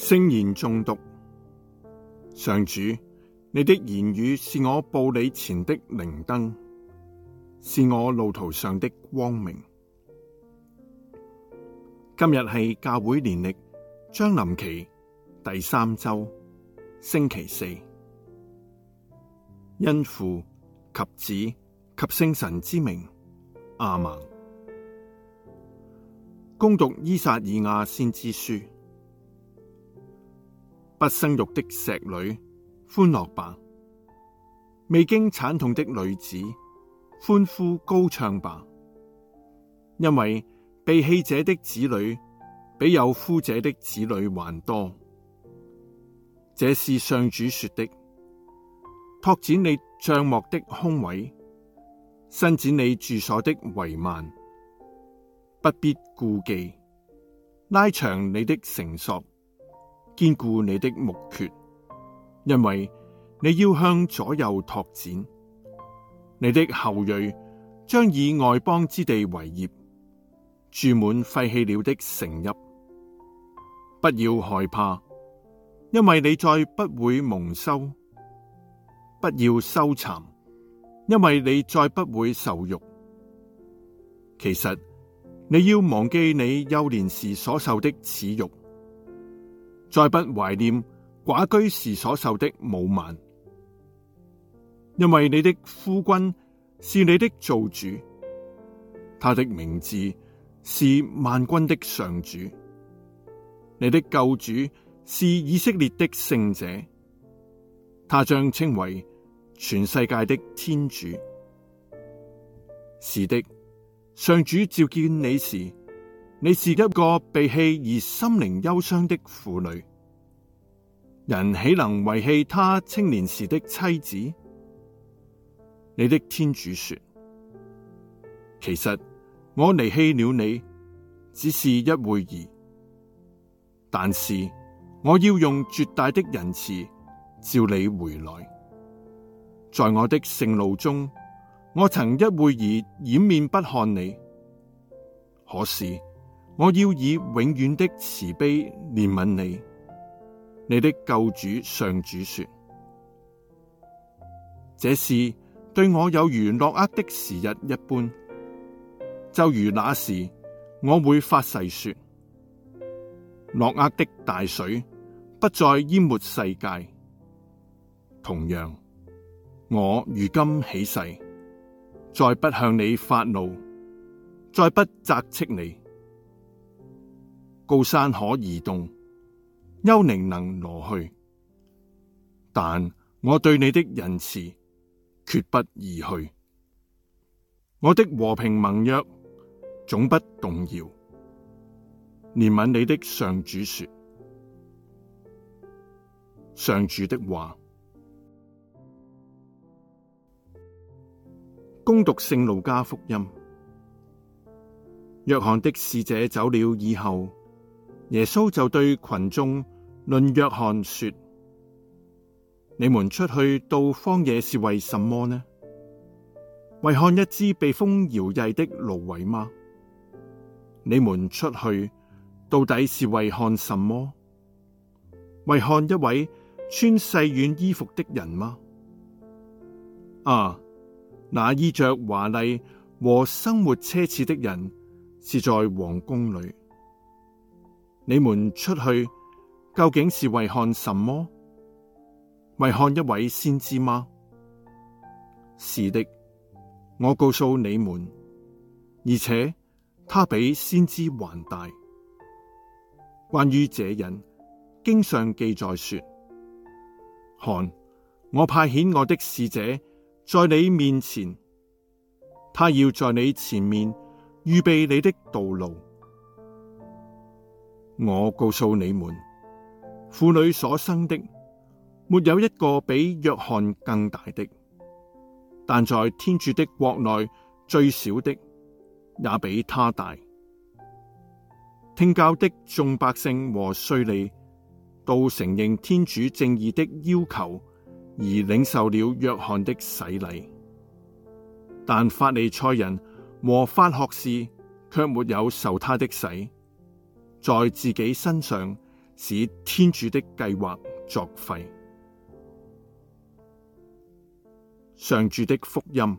聖言誦讀，上主，你的言語是我步你前的靈燈，是我路途上的光明。今日係教會年曆將臨期第三周，星期四。因父及子及聖神之名，阿門。恭讀《依撒意亞先知書》。不生育的石女，歡樂吧；未經產痛的女子，歡呼高唱吧。因為被棄者的子女比有夫者的子女還多。這是上主說的：拓展你帳幕的空位，伸展你住所的帷幔，不必顧忌，拉長你的繩索。堅固你的木橛，因為你要向左右拓展。你的後裔將以外邦之地為業，住滿廢棄了的城邑。不要害怕，因為你再不會蒙羞；不要羞慚，因為你再不會受辱。其實你要忘記你幼年時所受的恥辱。再不懷念寡居時所受的侮慢，因為你的夫君是你的造主，他的名字是萬軍的上主，你的救主是以色列的聖者，他將稱為全世界的天主。是的，上主召見你時。你是一個被棄而心靈憂傷的婦女，人豈能遺棄他青年時的妻子？你的天主說：其實我離棄了你，只是一會兒，但是我要用絕大的仁慈召你回來。在我的盛怒中，我曾一會兒掩面不看你，可是。我要以永遠的慈悲憐憫你，你的救主上主說：這事對我有如諾厄的時日一般，就如那時我會發誓說，諾厄的大水不再淹沒世界。同樣，我如今起誓，再不向你發怒，再不責斥你。高山可移動，丘陵能挪去，但我對你的仁慈決不移去。我的和平盟約總不動搖。憐憫你的上主說：上主的話，恭讀聖路加福音。若翰的使者走了以後。耶穌就對群眾論若翰說：你們出去到荒野是為什麼呢？為看一枝被風搖曳的蘆葦嗎？你們出去到底是為看什麼？為看一位穿細軟衣服的人嗎？啊，那衣着華麗和生活奢侈的人，是在王宮裏。你們出去究竟是為看什麼？為看一位先知嗎？是的，我告訴你們，而且他比先知還大。關於這人，經上記載說：看，我派遣我的使者在你面前，他要在你前面預備你的道路。我告訴你們，婦女所生的，沒有一個比若翰更大的，但在天主的國內最小的，也比他大。聽教的眾百姓和稅吏，都承認天主正義的要求而領受了若翰的洗禮，但法利賽人和法學士卻沒有受他的洗。在自己身上使天主的計劃作廢。上主的福音。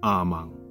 阿孟。